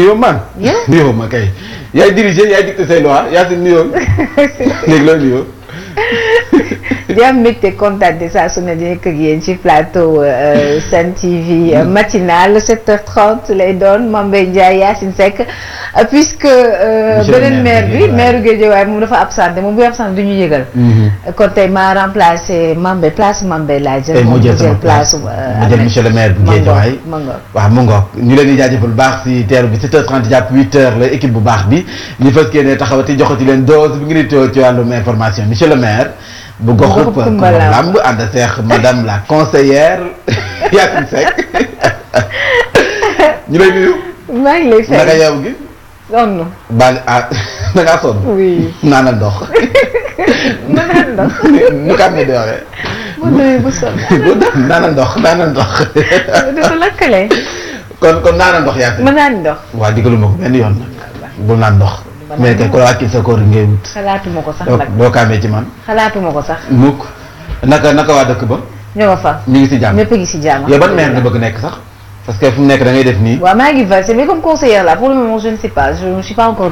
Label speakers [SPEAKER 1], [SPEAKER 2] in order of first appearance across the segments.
[SPEAKER 1] yow man yow ma kay yaay diriger yaay dicter say loi yaa si nuyoon léegi looy nuyoo
[SPEAKER 2] di am mbégte kontaante saa su ne di nekk ak yéen ci plateau euh, Sen TV matinal 7 h lay doon Mame Mbaye Ndiaye Yacine Seck euh, puisque euh, beneen maire bi maire Guédiawaye moom dafa absenté moom buy absenté du ñu yëgal mm-hmm. kon tey maa remplacé Mame Mbaye place Mame Mbaye laa jël moom jël place mu jël
[SPEAKER 1] monsieur le maire bu Guédiawaye waaw mu ngoog ñu leen di jaajëfal bu baax si teeru bi 7h30 jàpp 8h la équipe bu baax bi ñu fas yéene taxawati joxati leen dose bi ngi nit ci wàllum information monsieur le maire bu goxu bu Lamb ànd seex madame la conseillère Yacine Seck ñu lay nuyu.
[SPEAKER 2] maa ngi lay fay naka yow gi. sonn.
[SPEAKER 1] nu ka am ne doore. bu
[SPEAKER 2] doyee bu sonn.
[SPEAKER 1] naan ndox naan ndox. du waa digaluma ko benn yoon nag. bul naan mais tey ku la wàccul sa koor ngay wut.
[SPEAKER 2] xalaatuma ko sax nag kaamee ci man. xalaatuma ko sax.
[SPEAKER 1] mukk naka naka waa dëkk ba. ñoo nga fa ñu ngi si jàmm ñëpp
[SPEAKER 2] a ngi si jàmm. yow ban maire nga bëgg
[SPEAKER 1] nekk sax. parce que fu mu nekk da def nii. waaw
[SPEAKER 2] maa ngi versé mais comme conseillère là pour le pas encore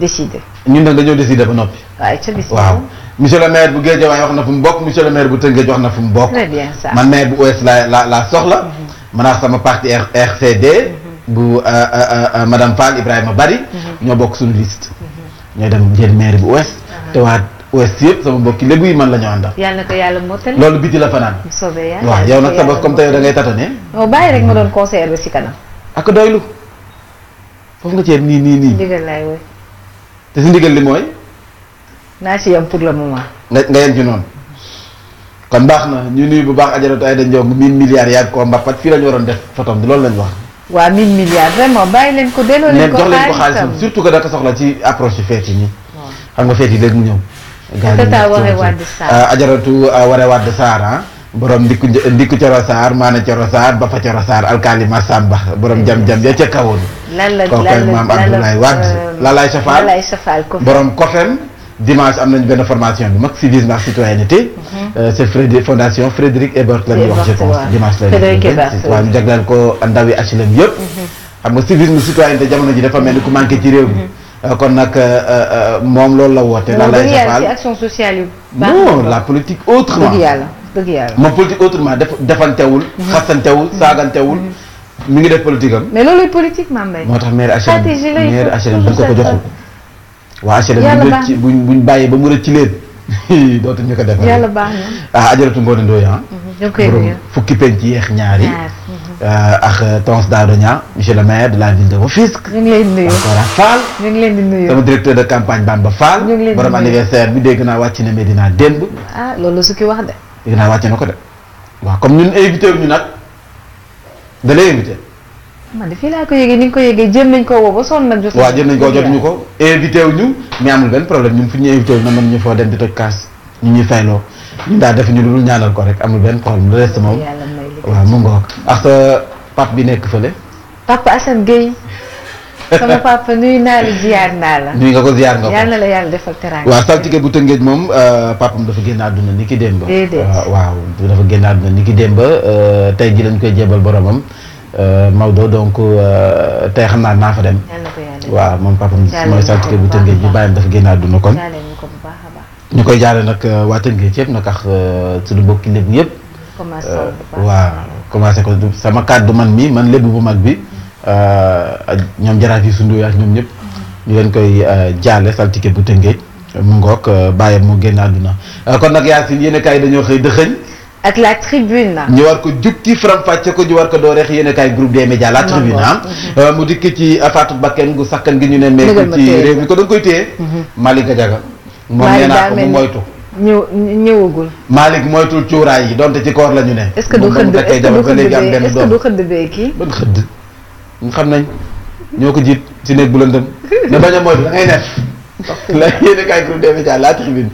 [SPEAKER 2] décidé.
[SPEAKER 1] ñun nag dañoo décidé ba noppi.
[SPEAKER 2] waaye ca bis waaw
[SPEAKER 1] monsieur le maire bu Guédiawaye wax na fu mu bokk monsieur le maire bu Tëngéej wax na fu mu bokk.
[SPEAKER 2] très bien ça man
[SPEAKER 1] maire bu OS la la la soxla. Mm-hmm. maanaam sama parti RCD. Mm-hmm. bu euh, euh, euh, madame Fall Ibrahima Bari. Mm-hmm. ñoo ñooy dem jël maire bu ouest ah. te waa ouest yëpp sama mbokki lébu yi man la ñu àndal
[SPEAKER 2] yàlla na yàlla mottali loolu biti la fanaan soobee yàlla waaw yow nag
[SPEAKER 1] sa bopp comme tey da ngay tatane
[SPEAKER 2] non oh, bàyyi rek ma doon conseiller ba si kanam
[SPEAKER 1] ak doylu foofu nga ceeb nii nii nii
[SPEAKER 2] ndigal laay woy
[SPEAKER 1] te si ndigal li mooy
[SPEAKER 2] naa ci yam pour le moment
[SPEAKER 1] nga nga yem ci noonu kon baax na ñu nuyu bu baax ajaratu ay da ndionb mille milliards yaag koo mbapat fii la ñu waroon def photom bi loolu lañ wax
[SPEAKER 2] waa 1000 milliards vraiment bàyyi leen ko delloo leen ko xaalisam jox leen ko xaalisam
[SPEAKER 1] surtout que da ko soxla ci approche yi feet yi nii. xam nga feet yi léegi ñëw. Euh, ajaratu euh, waree wàdd Sarr ah. borom ndikku coro Sarr maana coro Sarr ba coro Sarr alkaali Massamba borom jam jam ya ca kawoon.
[SPEAKER 2] la lan kooku maam Abdoulaye Wade. Euh, Lalaye Safal Lalaye Safal
[SPEAKER 1] Kofem. dimanche am nañ benn formation bi mag civisme ak citoyenneté. Mhm. Euh, c'est Frédéric fondation Frédéric Ebert la ñuy wax je pense dimanche la ñuy waaw ñu ko ndaw yi yëpp. Mhm. xam nga civisme citoyenneté jamono ji dafa mel ni ku manqué ci réew mi. Mhm. Euh, kon nag euh, moom loolu la woote. lan lay defal
[SPEAKER 2] action sociale yu
[SPEAKER 1] non la politique autrement dëgg yàlla dëgg yàlla. moom politique autrement def defantewul. xasantewul saagantewul. mu ngi def politique am.
[SPEAKER 2] loolu politique maa moo
[SPEAKER 1] tax maire HLM stratégie ko ko joxul waa HLM buñ buñ ba mu rëcc leen dootu ñu ko defal yàlla baax na ah ajaratu ngoone ndooy ah
[SPEAKER 2] mhm,
[SPEAKER 1] fukki ci yeex ñaari
[SPEAKER 2] mhm.
[SPEAKER 1] ah, ak euh, Tons Dadoña monsieur le maire de la ville de Rufisque. ñu ngi leen di nuyu directeur de campagne Bamba Fall. ñu ngi anniversaire bi dégg naa wàcc na Medina démb.
[SPEAKER 2] ah loolu su ki wax de.
[SPEAKER 1] dégg naa wàcc na ko de waaw comme ñun invité wu ñu nag da lay
[SPEAKER 2] man de fii laa ko yëgee ni nga ko yéegee jëm nañ ko woo ba sonn nag. jot waaw jëm nañ koo jotuñu ko
[SPEAKER 1] invité wu ñu mais amul benn problème ñun fu ñu invité wu na mën ñu foo dem di toj kaas ñu ñuy fayloo ñu daal def ñu lu dul ñaanal ko rek amul benn problème le reste moom. yàlla may liggéey waaw mu ngoog ak sa pape bi nekk fële.
[SPEAKER 2] papa Assane Gueye. sama papa nuyu naa la ziar naa la. nuyu
[SPEAKER 1] nga ko ziar nga ko yàlla
[SPEAKER 2] na la yàlla defal teraanga. waaw
[SPEAKER 1] saltige bu tëngeej moom euh, papam dafa génn àdduna ni ki démb. déedéet waaw dafa génn àdduna ni ki démb euh, tey ji lañ koy jébal boromam Euh, Maodo donc euh, te xam naa naa fa dem. waaw moom papa mooy saltige bu Tëngéej bi bàyyam dafa génn àdduna kon. ñu koy jaale nag euh, waa Tëngéej yëpp nag ak suñu mbokki lébu yëpp. waaw commencé ko sama kàddu man mii man lébu bu mag bi ñoom jaraaf yi sundu ak ñoom ñëpp. ñu leen koy jaale saltige bu Tëngéej mu ngoog bàyyam mu génn àdduna kon nag yaa si dañoo xëy dëxëñ. ak la war ko jukki faram fàcce ko ñu ko doo reex yéen a kaay groupe des médias la tribune ah. Mhm. Euh, mu dikk ci euh, faatu bakken gu sakkan gi ñu ne. dëggal ma ci réew mi ko da nga koy téye. Mhm. Malick Gadiaga. moom nee ko mu moytu.
[SPEAKER 2] ñëwagul.
[SPEAKER 1] Malick moytul cuuraay yi donte ci koor la ñu ne. est-ce que du xëdd est-ce que du
[SPEAKER 2] xëdd bee
[SPEAKER 1] xam nañ ñoo ko jiit ci néeg bu lëndëm ne bañ moytu da ngay la la tribune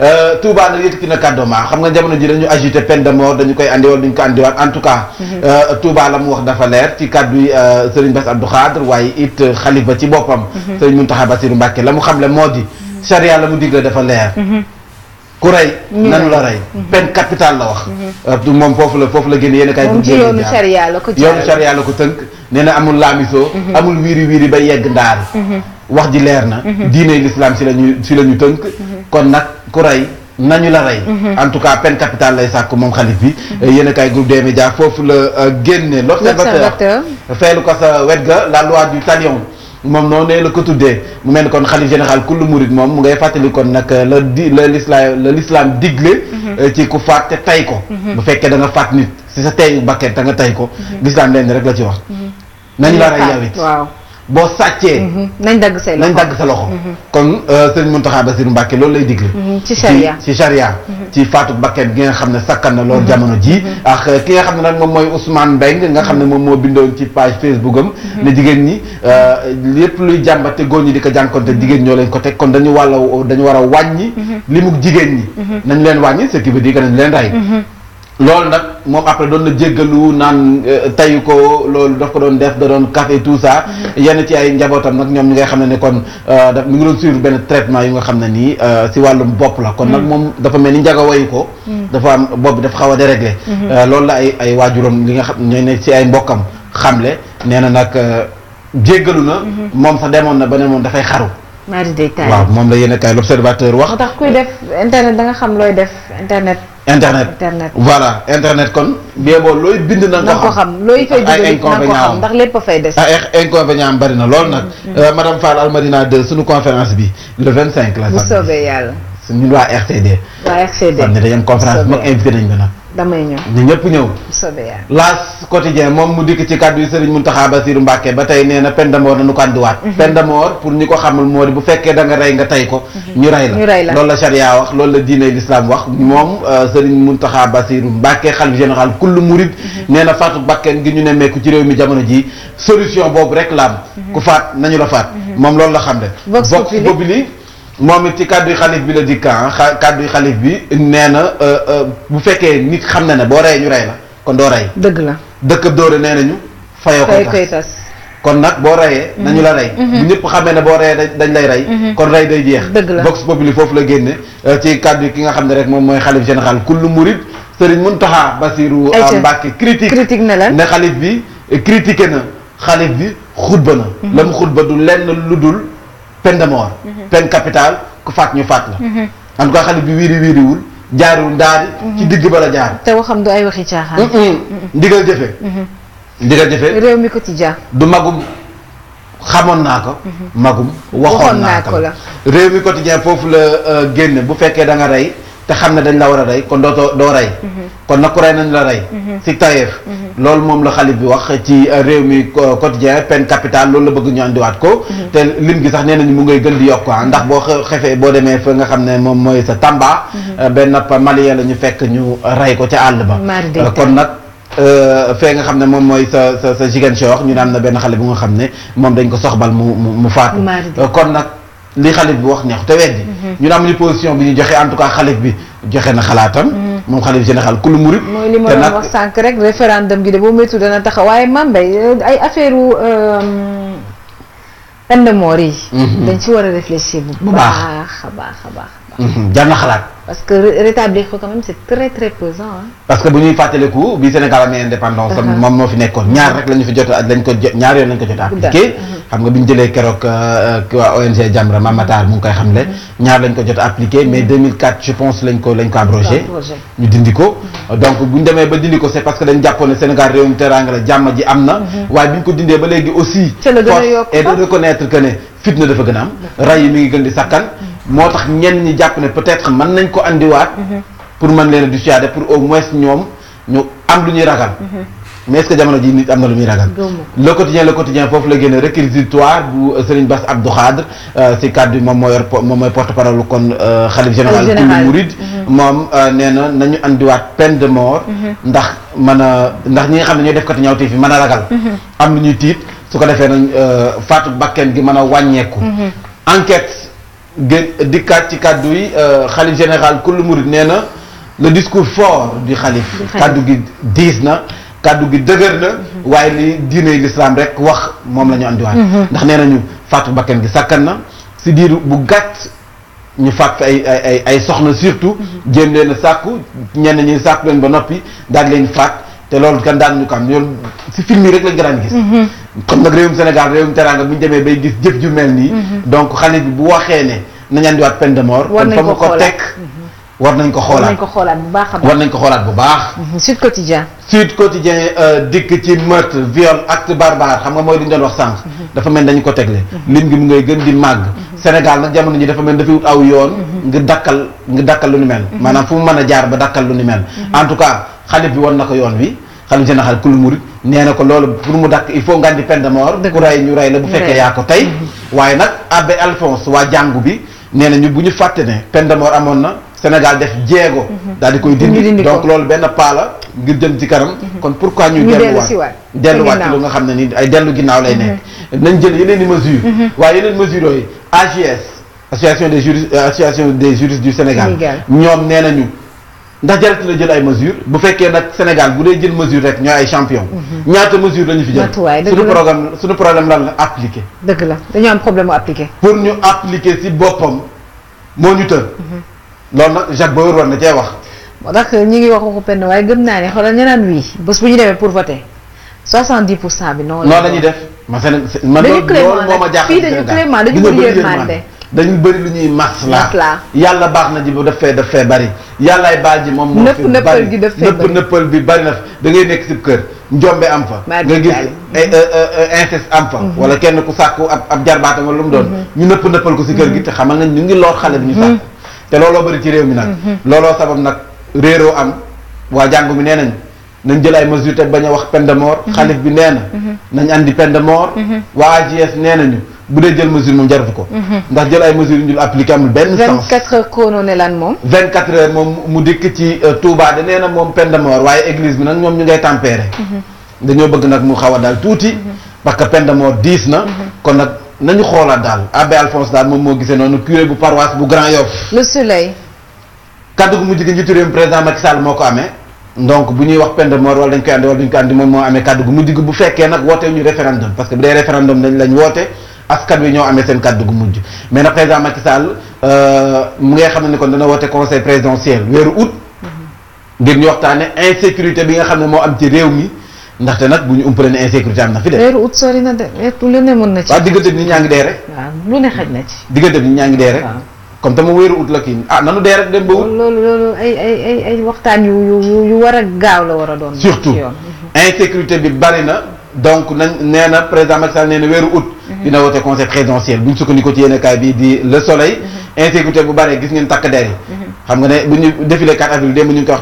[SPEAKER 1] euh, Touba nag yëkkati na kàddoom ah, xam nga jamono ji dañu agité peine de mort dañu koy andi wala duñu ko andiwaat en tout cas mhm. euh, Touba la mu wax euh, ba ci boppam mhm. Serigne Mountakha Bassirou Mbacké la mu xam le moo di charia mhm. la mu digle dafa leer ku rey nanu la rey peine capitale la wax moom foofu la foofu la génn yéen kay groupe la ko tënk nee na amul laamiso amul wiiri wiiri ba yegg ndaar wax ji leer na. Mhm. diiney lislaam si la ñu si la ñu tënk. Mhm. kon nag ku rey nañu la rey. Mhm. en tout cas peine capitale lay sàkk moom xalif bi. yéen a kaay groupe des médias foofu la euh, génne. l'observateur feelu ko sa wet ga la loi du talion. moom noonu la ko tuddee mu mel ni kon xalif général kullu murid moom mu ngay fàttali kon nag euh, la di la lislaam la lislaam digle. Euh, ci ku faat te tay ko. bu fekkee da nga faat nit si sa teyu bakket da tay ko. lislaam leen rek la ci wax. nañu la rey yow boo sàccee. Mhm.
[SPEAKER 2] nañ dagg say nañ dagg sa loxo. Mhm.
[SPEAKER 1] kon euh, sëriñ Mountakha Bassirou Mbacké loolu lay digle.
[SPEAKER 2] Mhm. ci charia ci
[SPEAKER 1] charia. ci faatu bakkan gi nga xam ne sakkan na loolu jamono ji ak euh, ki nga xam ne nag moom mooy Ousmane Mbengue nga xam ne moom moo bindoon ci page Facebook am. ne jigéen ñi euh, lépp luy jàmbate góor ñi di ko jànkonte jigéen ñoo leen ko teg kon dañu wàll dañu war wàññi li limug jigéen ñi. nañ leen wàññi ce qui veut dire que leen rey. loolu nag moom après doon na jéggalu naan euh, tayu ko loolu daf ko doon def da doon café tout ça mm-hmm. yenn ci ay njabootam nag ñoom ñi ngay xam ne ne kon euh, daf mu ngi doon suivre benn traitement yu nga xam ne nii euh, si wàllu bopp la kon nag mm-hmm. moom dafa mel ni njaga ko mm-hmm. dafa am bopp bi dafa xaw a déréglé loolu la ay ay waajuram li nga xam ñooy ne si ay mbokkam xamle nee na nag jéggalu na moom sax demoon na ba ne moom dafay xaru
[SPEAKER 2] mari day taay waaw
[SPEAKER 1] moom la yéen a kaay l'observateur wax.
[SPEAKER 2] tax kuy def internet da nga xam looy def internet. internet internet
[SPEAKER 1] voilà internet kon. bien bon looy bind na nga ko xam looy fay dugal ko xam ndax
[SPEAKER 2] lépp fay des. ay ah,
[SPEAKER 1] eh, inconvénients am bari na lool nag. Mm-hmm. Euh, madame Fall Almadina 2 suñu conférence bi le cinq la. bu ñun waa RTD. waa RTD xam ne dañu am conférence mag nañ ko nag. damay ñëw ñu ñëpp ñëw. laas quotidien moom mu dikk ci kàddu yi Serigne Mountakha Bassirou Mbacké ba tey nee na peine de mort na ñu ko andiwaat. Mhm. peine de mort pour ñi ko xamul moo bu fekkee da nga rey nga tey ko. Mhm. ñu rey la ñu la loolu la charia wax loolu la diine l'islam wax moom euh, Serigne Mountakha Bassirou Mbacké xalif général kullu murid. Mhm. nee faatu bakken gi ñu nemmeeku ci réew mi jamono ji solution boobu rek la am. ku la faat. moom loolu la xam ne. vox moom it ci kàddu bi xalif bi la dikka ah kàddu yi xalif bi nee na euh, euh, bu fekkee nit xam na ne boo rey ñu rey la kon doo rey. dëgg la dëkk dóore nee nañu. fayoo koy tas kon nag boo reyee. Mhm. nañu la rey. Mhm. bu ñëpp xamee na boo reyee dañ lay rey. Mhm. kon rey day jeex. dëgg la vox populi foofu la génne euh, ci kàddu yi ki nga xam ne rek moom mooy xalif général kullu murid Serigne Mountakha Bassirou Mbacké critique critique ne la ne xalif bi critiqué na xalif bi xutba na. la mu xutba du lenn lu dul. peine de mort. Mhm. peine capitale ku faat ñu faat la. Mhm. en tout cas xale bi wiiri wiiriwul jaarul daal. Mhm. ci digg bala jaar.
[SPEAKER 2] te waxam du ay waxi caaxaan.
[SPEAKER 1] ndigal jëfe. ndigal jëfe
[SPEAKER 2] réew mi quotidien
[SPEAKER 1] du magum xamoon naa ko. magum waxoon naa ko la réew mi quotidien foofu la euh, génne bu fekkee da rey. te xam ne dañ la war a rey kon dootoo doo rey mhm. kon nag ku rey nañ la rey mhm. si Taïf mhm. loolu moom la xalif bi wax ci euh, réew mi quotidien pen capitale loolu la bëgg ñu andiwaat ko te lim gi sax nee nañu mu ngay gën di yokk ah. ndax boo xefee boo demee fa nga xam ne moom mooy sa Tamba euh, benn malien la ñu fekk ñu rey ko ca àll ba euh, kon nag fee nga xam ne moom mooy sa sa sa Ziguinchor ñu naan na benn xale bu nga xam ne moom dañ ko soxbal mu mu faatu kon nag li xalif bi wax neex te weddi mhm. ñu am ni position bi ñu joxe en tout cas xalif bi joxe na xalaatam mhm. moom xalif général ku lu murit mooy li ma wax
[SPEAKER 2] sànq rek référendum gi de boo méttu dana tax man mambay euh, ay affaire u euh, peine de mort yi mhm. dañ ci war a réfléchir bu baax a baax a baax
[SPEAKER 1] Mmh, jar na xalaat.
[SPEAKER 2] parce que rétablir ko quand
[SPEAKER 1] bu ñuy fàttaleeku bi Sénégal amee indépendance. tam moom moo fi nekkoon ñaar rek lañu fi jot lañ ko jot ñaar yoon lañ ko jot a appliqué. Mmh. xam nga bi ñu jëlee keroog euh, waa ONG Jamra Mamatar mu ngi koy xamle. Mmh. ñaar lañ ko jot a appliqué mais 2004 je pense lañ ko lañ ko abrogé. ñu dindi ko. donc bu demee ba dindi ko c'est parce que dañ jàppoon ne Sénégal réewum teraanga la jàmm ji am na. waaye bi ko dindee ba léegi aussi. ca la gën a yokk force est de fitna dafa gën a am. ray yi mi ngi gën di moo tax ñenn ñi jàpp ne peut-être man nañ ko indiwaat mhm. pour mën leen a dissuader pour au moins ñoom ñu am lu ñuy ragal. Mhm. mais est-ce que jamono ji nit am na lu muy ragal. le quotidien foofu la génne réquisitoire bu euh, Serigne Bass Abdou Khadre euh, si kàddu bi moo moom mooy porte-parole kon xalif euh, général kullu murid mhm. moom nee na nañu indiwaat peine de mort. ndax mën a ndax ñi nga xam ne ñooy def kati ñaawte fi man a ragal. am lu ñuy tiit su ko defee nañ faatu bakken gi mën a wàññeeku. enquête. gën dikkaat ci kàddu yi euh, xalif général kullu murid nee na le discours fort di xalif kàddu gi diis na kàddu gi dëgër na mhm. waaye li diiney lislaam rek wax moom la ñu andiwaat mhm. ndax nee nañu faatu bakken gi sàkkan na si diiru bu gàtt ñu faat fi ay ay soxna surtout mhm. jéem leen a sàkku ñenn ñi sàkku leen ba noppi daan leen faat te loolu kan daan ñu ko am loolu film yi rek lañ ko gis kon nag réewum Sénégal réewum teraanga bu ñu demee bay gis jëf ju mel nii. Mhm. donc xale bi bu waxee ne nañu andiwaat peine de mort. war nañ ko ko teg mhm. war nañ ko xoolaat. war ko
[SPEAKER 2] xoolaat bu baax war nañ
[SPEAKER 1] ko xoolaat bu baax.
[SPEAKER 2] Mhm. Sud Quotidien.
[SPEAKER 1] Sud Quotidien euh, dikk ci meurtre viol xam nga mooy li doon wax sànq. dafa mel dañu ko tegle. lim gi mu ngay gën di màgg. Sénégal nag jamono ji dafa mel dafa wut aw yoon. nga dakkal nga dakkal lu ni mel. maanaam fu mu mën a jaar ba dakkal lu ni mel. en tout cas xale bi war na ko yoon wi xale général kulu murit nee na ko loolu pour mu dakk il faut nga di peine de mort ku rey ñu rey la bu fekkee yaa ko tey mm-hmm. waaye nag abbé Alphonse waa jàngu bi nee na ñu bu ñu fàtte ne peine de mort amoon na Sénégal def jéego mm-hmm. daal di koy dindi donc loolu benn pas la ngir jëm ci kanam mm-hmm. kon pourquoi ñuy delluwaat delluwaat ci lu nga xam ne ni ay dellu ginnaaw lay nekk nañ jël yeneen i mesure waaye yeneen mesures yooyu AJS association de juristes euh, association des juristes du Sénégal ñoom nee ñu ndax jarati na jël ay mesures bu fekkee nag Sénégal bu dee jël mesure rek ñooy ay champion mhm. ñaata mesure la ñu fi jël suñu problème lan la appliqué dëgg la dañoo am problème appliqué pour ñu appliqué si boppam moo ñu tër mhm. loolu nag Jacques Boyer war na cee wax
[SPEAKER 2] moo tax ñu ngi wax waxu penn waaye gëm naa ne xoolal ñu naan wii bés bu ñu demee pour voter soixante dix pour cent bi noonu la ñuy def
[SPEAKER 1] ma seen man loolu moo ma dañu clément dañu bëri dañu bëri lu ñuy maslaa yàlla baax na ji bu def fee def fee bëri yàllaay baal ji moom moo fi bëri nëpp nëppal da ngay nekk si kër njombe am fa nga gis eh, eh, eh, inceste am fa mhm. wala kenn ku sàkku ab ab jarbaatam wala lu mu doon mhm. ñu nëpp nëppal ko si kër gi mhm. te xamal nañ ñu ngi loor xale bi ñu sàkku te looloo bëri ci réew mi nag looloo sabab nag réeroo am waa jàngu mi nee nañ nañ jël ay mesures te bañ a wax peine de mort xalif bi nee na nañ andi peine de mort waa AGS nee nañu bu dee jël mesure moom jaratu ko. Mhm. ndax jël ay mesures yu ñu amul benn sens.
[SPEAKER 2] 24 ne lan moom.
[SPEAKER 1] moom euh, de nee na moom peine de mort waaye église bi nag mhm. mu xaw a daal tuuti. Mhm. que peine de mort diis na. kon nag nañu xoolaat daal abbé Alphonse daal moom moo amee. kaddu gu mujj gi bu fekkee nag woote ñu référendum parce que bu dee référendum dañ lañ woote askan wi ñoo amee seen kàddu gu mujj mais nag président Macky Sall euh, mu ngay xam ne kon dana woote conseil présidentiel weeru août. ngir ñu waxtaane insécurité bi nga xam ne moo am ci réew mi ndaxte nag bu ñu umpale ne insécurité am na fi de. weeru
[SPEAKER 2] août sori na de lu ne mën na ci. waaw diggante
[SPEAKER 1] bi nit ñaa ngi dee rek.
[SPEAKER 2] waaw lu ne xaj na ci.
[SPEAKER 1] diggante bi nit ñaa dee rek. comme tamit wéeru ut la kii ah nanu dee rek dem ba ut
[SPEAKER 2] loolu loolu ay ay ay waxtaan yu yu war a gaaw la war doon.
[SPEAKER 1] surtout insécurité donc nañ nee na président Macky Sall nee na weeru août. Mhm. dina woote conseil présidentiel bu ñu sukkandikoo ci yenn kaay bii di le soleil. Mhm. insécurité bu bare gis ngeen takk der yi. Mhm. xam nga ne bu ñu défilé 4 avril démb ñu ngi ko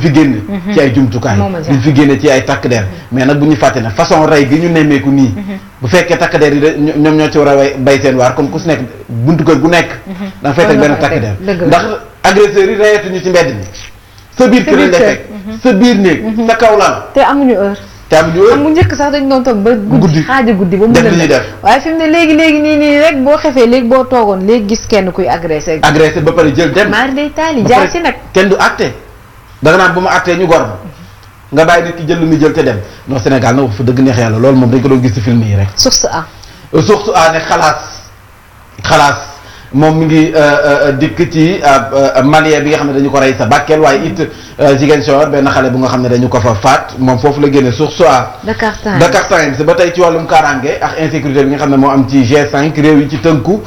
[SPEAKER 1] fi génn. ci ay jumtukaay. liñ fi génn ci ay takk der. mais nag bu ñu fàtte ne façon rey gi ñu nemmeeku nii. bu fekkee takk der yi de ñoom ñoo ci war a bay seen waar kon ku si nekk buntu kër gu nekk. da nga fay benn takk der ndax agresseurs
[SPEAKER 2] caabi ju xam bu njëkk sax dañ doon toog ba guddi xaaja guddi ba mu lëndëm def waaye fi ne léegi léegi nii nii rek boo xefee léegi boo toogoon léegi gis kenn kuy agressé
[SPEAKER 1] agressé ba pare jël dem maar day taali jaar si nag kenn du àtte danga naan bu ma àttee ñu gor ma nga bàyyi nit ki jël lu muy jël te dem non Sénégal na wax fa dëgg neex yàlla loolu moom dañ ko doon gis ci film yi rek source a euh, source a ne xalaas xalaas moom mi ngi euh, euh, dikk ci euh, malien bi nga xam ne dañu ko rey sa Bakel waaye it Ziguinchor benn xale bu nga xam ne dañu ko fa faat moom foofu la génne source a
[SPEAKER 2] Dakar Times Dakar
[SPEAKER 1] Times ba tey ci wàllum kaaraange ak insécurité bi nga xam ne moo am ci G5 réew yi ci tënku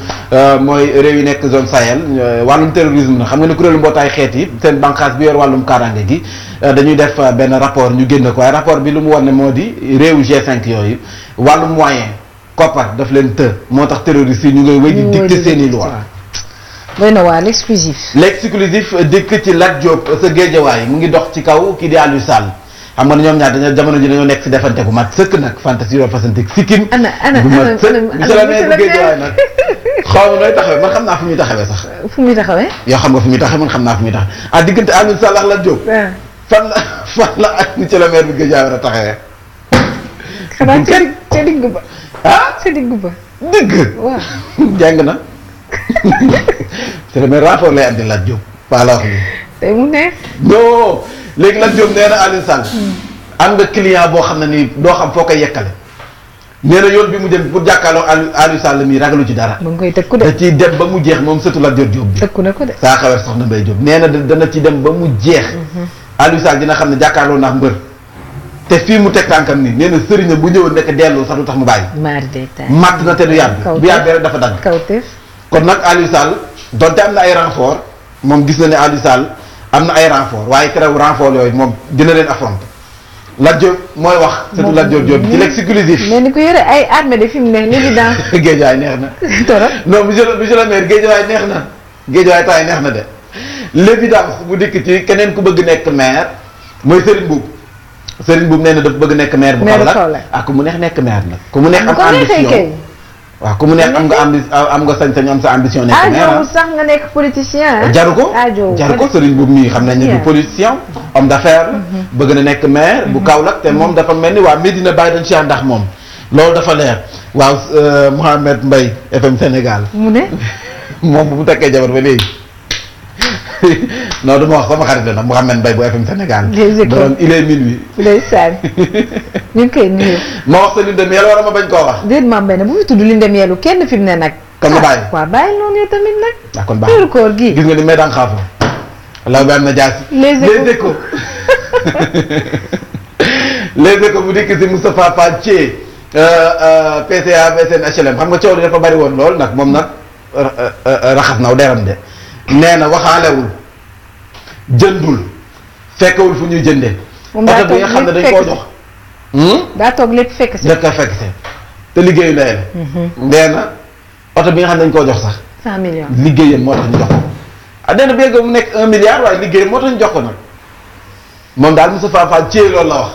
[SPEAKER 1] mooy réew yi nekk zone Sahel wàllum terrorisme na xam nga ne kuréelu mbootaay xeet yi seen bànqaas bi yor wàllum kaaraange gi dañuy def benn rapport ñu génn ko waaye rapport bi lu mu won ne moo di réewu G5 yooyu wàllum moyen koppar daf leen të moo tax terroristes ñu ngay wéy di dicter seen i loi
[SPEAKER 2] doy na waa l'exclusif
[SPEAKER 1] l'exclusif dikk ci Lat Diop sa géejawaay mu ngi dox ci kaw kii di Aliou Sall xam nga ne ñoom ñaar dañoo jamono ji dañoo nekk si defante bu mat sëkk nag fantasi yoo fasantik sikkim
[SPEAKER 2] ana ana bu mat sëkk monsieur le maire bu géejawaay nag
[SPEAKER 1] xaw ma nooy taxawee man xam naa fu muy taxawee sax euh,
[SPEAKER 2] fu muy taxawee
[SPEAKER 1] yoo xam nga fu muy taxawee man xam naa fu muy taxawee ah diggante Aliou Sall ak Lat Diop fan la fan la ak monsieur le maire bu géejawaay war a taxawee
[SPEAKER 2] xanaa ca digg ah sa digg ba. dëgg. waaw
[SPEAKER 1] jàng na. te damay rapport lay andi Lat Diop. Palla Khoulé. tey mu neex. non léegi Lat Diop nee na hmm. am nga client boo xam ne nii doo xam foo koy yekkale. nee na bi mu jëm pour jàkkaarloo Aliou Sall mii ragalu ci dara. mu koy tëkku de da ciy ba mu jeex moom sëtu Lat Diop Diop bi. tëkku ko de saa xawer soxna Mbaye Diop nee na dana ci dem ba mu jeex. Mhm. Aliou Sall dina xam ne jàkkaarloo naa mbër. te fii mu teg tànkam nii nee na bu ñëwoon nekk dellu sax lu tax mu bàyyi. màtt na te du yàgg. bu yàggee dafa dagg. kawteef kon nag Aliou Sall donte am na ay renfort moom gis na ne Aliou Sall am na ay renfort waaye keroog renfort yooyu moom dina leen affronter. Lat Diop mooy wax. surtout Lat Diop Diop nekk l'exclusif.
[SPEAKER 2] mais ni ko yore ay armée de fi mu ne nii dans.
[SPEAKER 1] Géejawaay neex na. torop non monsieur le monsieur le maire Géejawaay neex na Géejawaay taay neex na de. l'évidence bu dikk ci keneen ku bëgg nekk maire mooy Serigne Boubou. sëriñ boobu nee na dafa bëgg nekk maire bu Kaolack ah ku mu neex nekk maire nag ku mu neex ah, am waaw ku mu neex am nga ambi am nga sañ-sañ am sa ambition nekk ah, maire ah
[SPEAKER 2] sax nga nekk politicien ah. jaru ko jaru ko
[SPEAKER 1] sëriñ boobu nii xam nañ ne du politicien homme d'affaires mm-hmm. bëgg na nekk maire bu kaw mm-hmm. Kaolack te moom dafa mel ni waa Medina Baye dañ ci ndax moom loolu dafa leer waaw euh, Mouhamed mbay FM Sénégal mu ne moom bu mu takkee jabar ba léegi non du ma xarit la nag Mouhamed Mbaye bu FM Sénégal. borom il est minuit. ndeysaan
[SPEAKER 2] ñu ngi koy nuyu.
[SPEAKER 1] ma wax sa lune wala ma bañ koo wax.
[SPEAKER 2] déet ma bu fi tudd lune de mielu kenn fi ne nag. kon nga ah, bàyyi waaw bàyyi noonu yow tamit nag.
[SPEAKER 1] ah kon baax na koor gii. gis nga ni may daan xaafu. law bi am na jaasi. les échos les échos bu dikk si Moustapha Fall Thié PCA BSN nga coow li bari woon lool nag moom nag euh, euh, raxas naw deram de. nee na waxaalewul jëndul fekkewul fu ñuy jëndee. oto bi nga xam ne dañ koo jox. Hmm? daa toog lépp fekk si. da ko fekk si te liggéeyu ndeyam. Mhm. nee oto bi nga xam ne dañ koo jox sax. 100 millions liggéeyam moo tax ñu jox ko. Ah, nee na mu nekk 1 milliard waaye liggéeyam moo tax ñu jox ko nag moom daal Moustapha Fall ci loolu la wax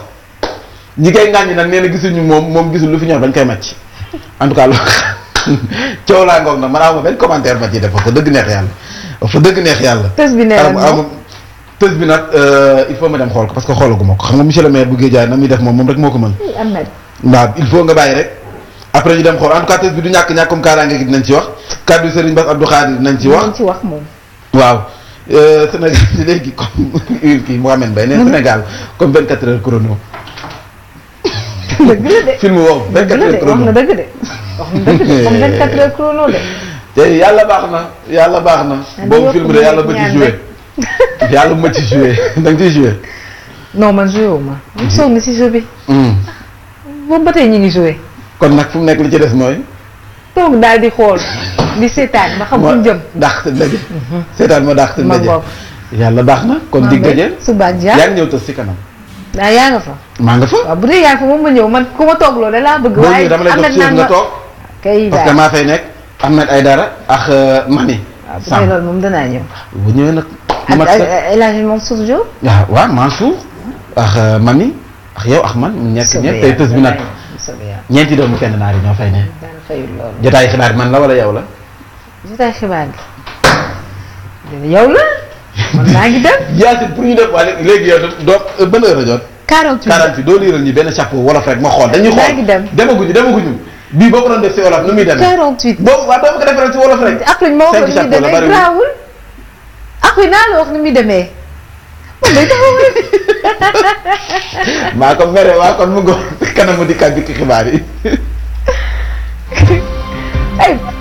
[SPEAKER 1] ñi koy ŋàññi nag nee na gisuñu moom moom gisul lu fi ñor dañ koy màcc en tout cas loolu coow laa ngoog nag man aw ma benn commentaire ma ciy def ko dëgg neex yàlla. fa dëgg neex yàlla. tës bi nee na tës bi nag euh, il faut ma dem xool ko parce que xoolaguma ko xam nga monsieur le maire bu Guédiawaye na muy def moom moom rek moo ko mën. waaw il faut nga bàyyi rek. après ñu dem xool en tout cas tës bi du ñàkk ñàkkum kaaraange gi dinañ ci wax kàddu Serigne Bass Abdou Khadir dinañ ci wax. moom. waaw euh, Sénégal comme kii Mouhamed Mbaye de film wax 24 heures chrono
[SPEAKER 2] de wax na dëgg
[SPEAKER 1] de wax na
[SPEAKER 2] dëgg de comme 24 heures chrono de.
[SPEAKER 1] te yàlla baax na yàlla baax na. boobu film de yàlla ba ci joué yàlla ma ci joué da nga ci joué.
[SPEAKER 2] non man joué wu ma. Mhm. ñu si jeu bi. Mhm. boobu ba tey ñu ngi joué.
[SPEAKER 1] kon nag fu mu nekk li ci des mooy.
[SPEAKER 2] toog daal di xool di seetaan ba
[SPEAKER 1] xam fu mu jëm. dàq ndaje. Mhm. seetaan ma dàq ndaje yàlla baax na kon dig daje.
[SPEAKER 2] suba jaar yaa ngi ñëw tës si kanam. ah yaa nga fa. maa nga fa waaw bu dee yaa nga fa moom ma ñëw man ku ma toog loolu da laa bëgg. waaye am na naan nga toog kay parce que maa
[SPEAKER 1] fay nekk. Ahmed Aïdara ak euh, Mami. waaw ah, bu loolu moom danaa ñëw. bu ñëwee nag. ak
[SPEAKER 2] El Hadj Mansour Diop.
[SPEAKER 1] waaw ah, waaw Mansour ak euh, Mami ak yow ak man ñu nekk ñett tey tës bi nag. ñeenti doomu kenn naar yi ñoo fay ne. jotaay xibaar man la wala yow la. jotaay xibaar bi. yow la. man maa ngi dem. yaa pour ñu def waaye léegi yow doo euh, ban heure la jot. 48 48 doo liiral ñu benn chapeau wolof rek ma xool. dañuy xool demaguñu demaguñu. bii boo ko doon def si wolof nu muy demee. 48 boobu waaw doo ko def rek si wolof rek. ak ma wax ni muy demee grawul ak luñ naa maa ko mere waa kon mu ngoon kanamu di kàgg xibaar yi.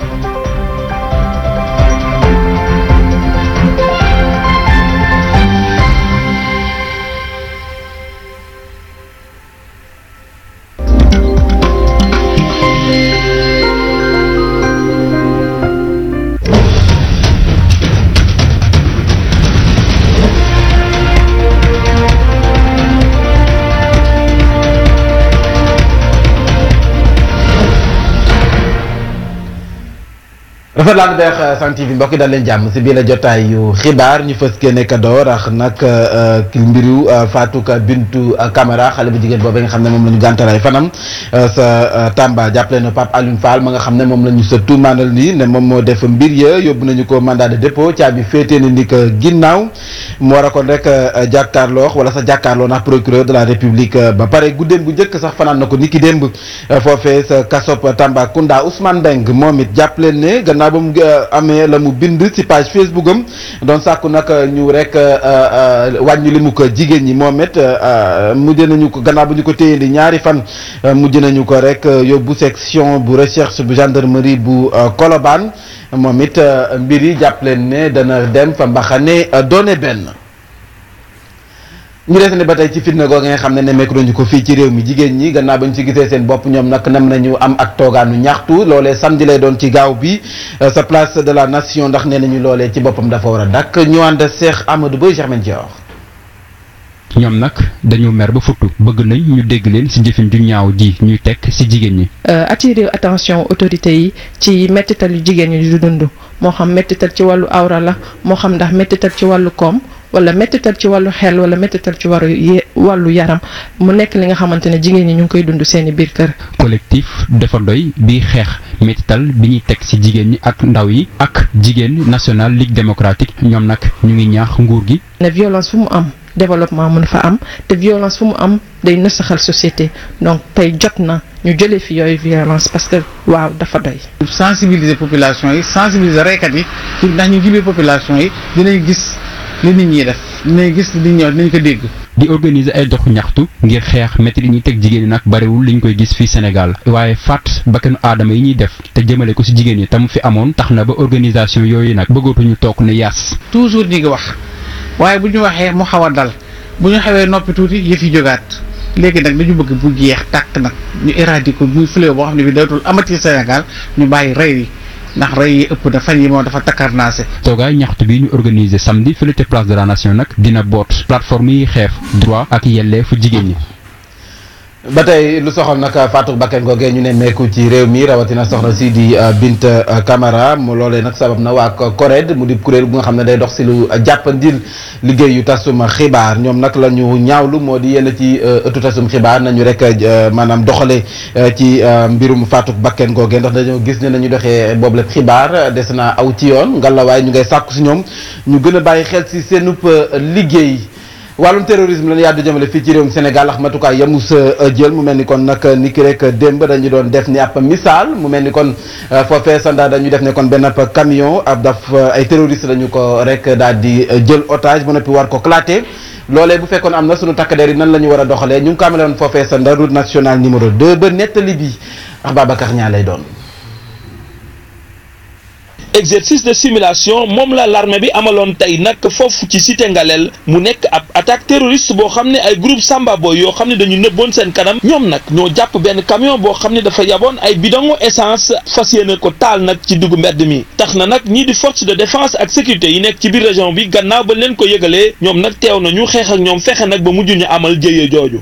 [SPEAKER 1] Lambert euh, Sen TV mbokk yi daal leen jàmm si biir la jotaayu xibaar ñu fës kee nekk door ak nag euh, mbiru euh, Fatou Bintou Camara xale bu jigéen boobu nga xam ne moom la ñu gàntalay fanam sa Tamba jàppale na Pape Alioune Fall nga xam ne moom la ñu sa tuumaanal nii ne moom moo def mbir ya yóbbu nañu ko mandat de dépôt caabi féetee na ni ginnaaw mu war a kon rek jàkkaarloo wala sa jàkkaarloo nag procureur de la république ba pare guddeen bu njëkk sax fanaan na ko niki démb foofee sa kasop Tambacounda Ousmane Beng moom gannaaw ba mu amee la mu bind ci page Facebook am doon sàkku nag euh, ñu rek euh, euh, wàññi li mu ko jigéen ñi moom it mujj nañu ko gannaaw bu ñu ko téye di ñaari fan mujj nañu ko rek yóbbu section bu recherche bu gendarmerie bu Colobane moom it mbir yi jàpp leen ne dana dem fa mbaxane doone benn. ñu des ne ba tey ci fitna googu nga xam ne nemmeeku nañu ko fii ci réew mi jigéen ñi gannaaw ba ñu ci gisee seen bopp ñoom nag nam nañu am ak toogaanu ñaxtu loolee samedi lay doon ci gaaw bi euh, sa place de la nation ndax nee nañu loolee ci boppam dafa war a dakk ñu ànd seex Amadou Boy Germaine Dior
[SPEAKER 3] ñoom nag dañu mer ba futtu bëgg nañ ñu dégg leen ci jëfin ju ñaaw ji ñuy teg ci jigéen ñi.
[SPEAKER 2] Euh, attirer attention autorités yi ci mettital yu jigéen ñi du dund moo xam mettital ci wàllu awra la moo xam ndax mettital ci wàllu koom. wala méttital ci wàllu xel wala méttital ci wàllu wàllu yaram mu nekk li nga xamante ne jigéen ñi ñu ngi koy dund seeni biir kër.
[SPEAKER 3] collectif dafa doy bi xeex méttital bi ñuy teg ci jigéen ñi ak ndaw yi ak jigéen national ligue démocratique ñoom nag ñu ngi ñaax nguur gi. ne violence fu mu am.
[SPEAKER 2] développement mun fa am te violence fu mu am day nasaxal societé donc tey jot na ñu jëlee fi yooyu violence parce que waaw
[SPEAKER 1] dafa doy. sensibiliser population yi sensibiliser reykat yi pour ndax ñu jubee population yi dinañ gis. li nit ñi def dinañ gis di ñëw dinañ ko dégg. di organiser ay doxu ñaxtu
[SPEAKER 3] ngir xeex métti yi ñuy teg jigéen ñi nag bariwul ñu koy gis fii Sénégal waaye faat bakkanu aadama yi ñuy def te jëmale ko ci jigéen ñi tam fi amoon tax na ba organisation yooyu nag bëggootuñu toog ne yaas.
[SPEAKER 1] toujours ñi ngi wax waaye bu ñu waxee mu xaw a dal bu ñu xawee noppi tuuti yëf yi jógaat léegi nag dañu bëgg bu jeex tàkk nag ñu éradiquer muy fléau boo xam ne bi dootul amati Sénégal ñu bàyyi rey yi ndax rey ëpp na fan yi moo dafa takkar naase toogaay ñaxtu bi ñu
[SPEAKER 3] organiser samedi fële te place de la nation nag dina boot plateforme yi xeex droit ak yelleefu jigéen ñi
[SPEAKER 1] ba tey lu soxal nag Fatou Bakken googee ñu ne meeku ci réew mi rawatina soxna si di euh, bint euh, Camara mu loole nag sabab na waa CORED mu di kuréel bu nga xam ne day dox si lu euh, jàppandil liggéey yu tasum xibaar ñoom nag la ñu lu moo di yenn ci ëttu tasum xibaar nañu rek maanaam doxale ci mbirum Fatou Bakken googee ndax dañoo gis ne nañu doxee boobule xibaar des na aw ci yoon ngalla waaye ñu ngay sàkku si ñoom ñu gën a bàyyi xel si seenub liggéey wàllum terrorisme lañu yàddu jëmale fii ci réewum Sénégal ax yamu sa euh, jël mu mel ni kon nag ni ki rek démb dañu doon def ni ab misaal mu mel ni kon euh, foofee sanda dañu def ne kon benn ab camion ab daf euh, ay terroriste dañu ko rek daal di jël otage ba noppi war ko claté loolee bu fekkoon am na suñu der i nan la ñu war doxalee ñu ngi ko amaloon foofee sanda route nationale numéro 2 ba nettali bi Ababacar ñaa lay doon
[SPEAKER 3] exercice de similation moom la larme bi amaloon tey nag foofu ci cité ngaleel mu nekk ab attaque terroriste boo xam ne ay groupe Samba Boy yoo xam ne dañu nëbboon seen kanam ñoom nag ñoo jàpp benn camion boo xam ne dafa yaboon ay bidon essence fas yéene ko taal nag ci diggu mbedd mi tax na nag ñii di force de défense ak sécurité yi nekk ci biir région bi gannaaw ba leen ko yëgalee ñoom nag teew na ñu xeex ak ñoom fexe nag ba mujj nu amal jëye jooju.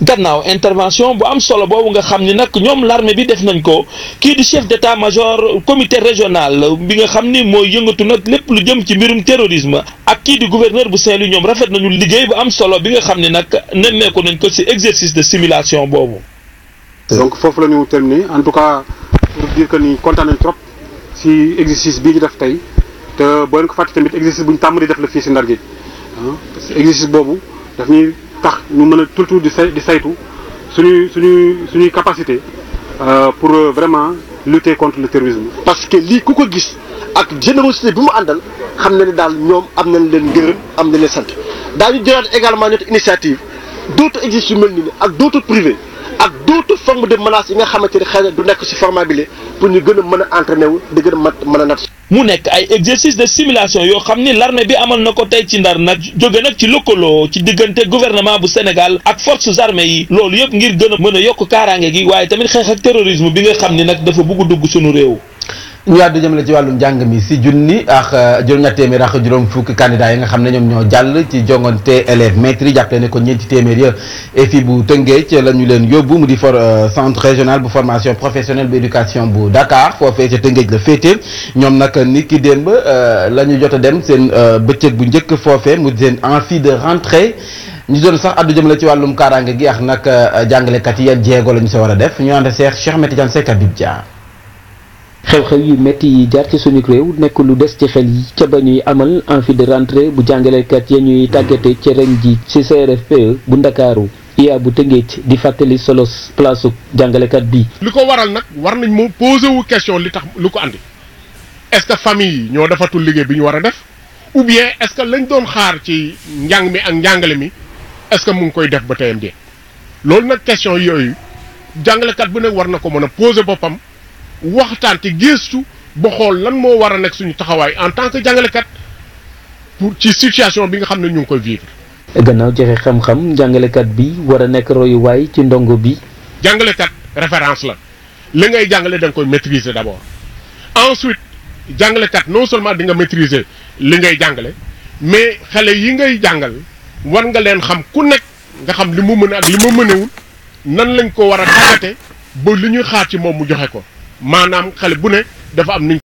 [SPEAKER 3] gannaaw intervention bu am solo boobu nga xam ni nag ñoom l'armée bi def nañ ko kii di chef d'état-major comité régional bi nga xam ni mooy yëngatu nag lépp lu jëm ci mbirum terrorisme ak kii di gouverneur bu Saint-Louis ñoom rafet nañu liggéey bu am solo bi nga xam ni nag nemmeeku nañ ko ci exercice de similation boobu. donc foofu la ñu terminé en tout cas pour dire que ni kontaan trop ci exercice bii ñu def tey te boo leen ko fàtte tamit exercice bu ñu tàmm def la fii ci Ndar gi ah, que exercice boobu tax ñu mën a tout tout di say di saytu suñuy suñuy suñuy capacité
[SPEAKER 1] euh, pour euh, vraiment lutter contre le terrorisme. parce que lii ku ko gis ak générosité bi mu àndal xam na ne daal ñoom am nañ leen gërëm am na leen sant daañu jëlaat également notre initiative d'autres existent yu mel nii ak d'autres privés. ak d'autres formes de menaces yi nga xamante ne xëy na du nekk ci format bi pour ñu gën a mën a entraîner wu di gën mat mën a nat. mu nekk ay
[SPEAKER 3] exercice de simulation yoo xam ni l'armée bi amal na ko tey ci ndar nag jóge nag ci lëkkaloo ci diggante gouvernement bu Sénégal ak forces armées yi loolu yëpp ngir gën a mën a yokk kaaraange gi waaye tamit xeex ak
[SPEAKER 1] terrorisme bi nga xam ni nag dafa bugg dugg sunu réew. ñu àddu jëmale ci wàllum njàng mi si junni ak euh, juróom-ñett téeméer ak juróom fukki candidat yi nga xam ne ñoom ñoo jàll ci jongante élève maître yi jàppale ne ko ñeenti téeméer ya EFI bu Tëngéej la ñu leen yóbbu mu di for euh, centre régional bu formation professionnelle bu éducation bu Dakar foofee ca Tëngéej la féete ñoom nag ni ki démb euh, la ñu jot a dem seen bëccëg bu njëkk foofee mu di seen amphi de rentrée ñu doon sax àddu jëmale ci wàllum kaaraange gi ak nag jàngalekat yi yan jéego la ñu sa war a def ñu ànd seex Cheikh Mati Diagne Seck Habib Dia
[SPEAKER 3] xew-xew yu métti yi jaar ci suñu réew nekk lu des ci xel yi ca ba ñuy amal amphi de rentrée bu jàngalekat ya ñuy tàggate ci ren ji ci CRFPE bu ndakaaru IA bu tëngeej di fàttali solos place jàngalekat bi. li ko waral nag war nañ moo posé wu question li tax lu ko andi est-ce que famille yi ñoo defatul
[SPEAKER 1] liggéey bi ñu war a def ou bien ce que lañ doon xaar ci njàng mi ak njàngale mi est-ce que mu ngi koy def ba teyam de loolu nag question yooyu jàngalekat bu nekk war na ko mën a posé boppam. waxtaan te gëstu ba xool lan moo war a nekk suñu taxawaay
[SPEAKER 3] en tant que jàngalekat pour ci situation bi nga xam ne ñu ngi koy vivre. gannaaw joxe xam-xam jàngalekat bi war a nekk royuwaay ci ndongo bi. jàngalekat référence la li ngay jàngale da nga koy maîtriser d'abord ensuite jàngalekat non seulement di nga maîtriser li ngay jàngale mais xale yi ngay jàngal war nga leen xam ku nekk nga xam li mu mën ak li mu mënewul nan lañ ko war a tàggate ba li ñuy xaar ci moom mu joxe ko. maanaam xale bu ne dafa am nuñ